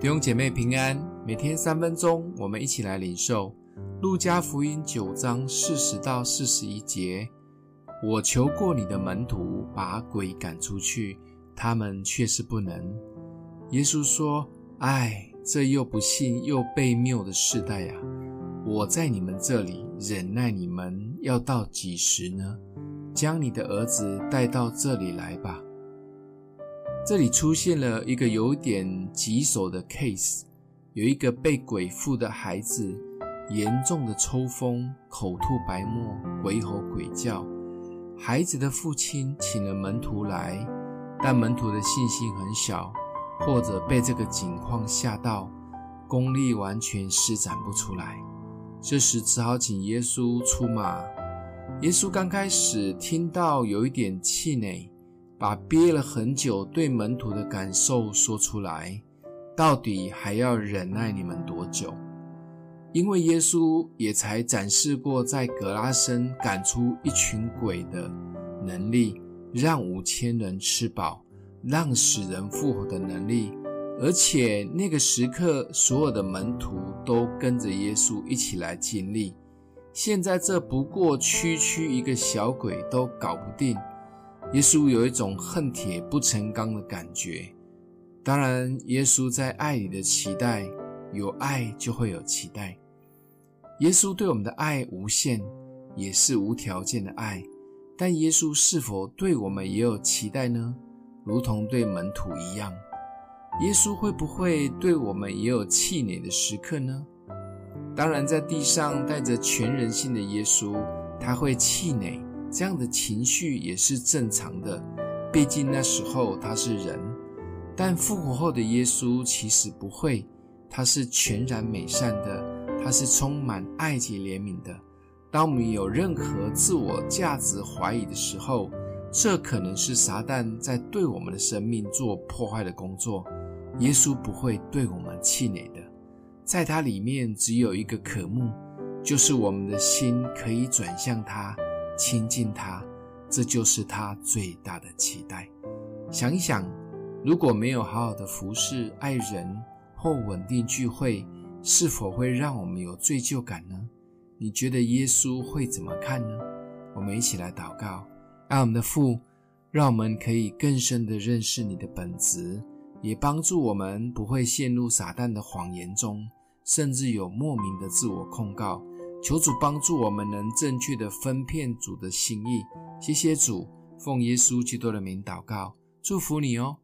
弟兄姐妹平安，每天三分鐘，我們一起來領受路加福音九章四十到四十一節。我求過你的門徒把鬼趕出去，他們卻是不能。耶穌說：“唉，這又不信又悖謬的世代呀、啊！我在你們這裡忍耐你們要到幾時呢？將你的兒子帶到這裡來吧。”這裡出現了一個有點棘手的 case，有一個被鬼附的孩子，嚴重的抽風，口吐白沫，鬼吼鬼叫。孩子的父親請了門徒來，但門徒的信心很小，或者被這個情況嚇到，功力完全施展不出來。這時只好請耶穌出馬。耶穌剛開始聽到有一點氣餒。把憋了很久對門徒的感受說出來，到底還要忍耐你們多久？因為耶穌也才展示過在格拉森趕出一群鬼的能力，讓五千人吃飽，讓死人復活的能力，而且那個時刻所有的門徒都跟着耶穌一起來經歷。現在這不過區區一個小鬼都搞不定。耶穌有一種恨鐵不成鋼的感覺。當然，耶穌在愛裡的期待，有愛就會有期待。耶穌對我們的愛無限，也是無條件的愛。但耶穌是否對我們也有期待呢？如同對門徒一樣，耶穌會不會對我們也有氣餒的時刻呢？當然，在地上帶着全人性的耶穌，他會氣餒。這樣的情緒也是正常的，畢竟那時候他是人。但復活後的耶穌其實不會，他是全然美善的，他是充滿愛及憐憫的。當我們有任何自我價值懷疑的時候，這可能是撒旦在對我們的生命做破壞的工作。耶穌不會對我們氣餒的，在他裡面只有一個渴慕，就是我們的心可以轉向他。親近他，這就是他最大的期待。想一想，如果沒有好好的服侍愛人或穩定聚會，是否會讓我們有罪疚感呢？你覺得耶穌會怎麼看呢？我們一起來禱告，愛我們的父，讓我們可以更深的認識你的本質，也幫助我們不會陷入撒旦的謊言中，甚至有莫名的自我控告。求主幫助我們能正確的分辨主的心意，謝謝主，奉耶穌基督的名禱告，祝福你哦。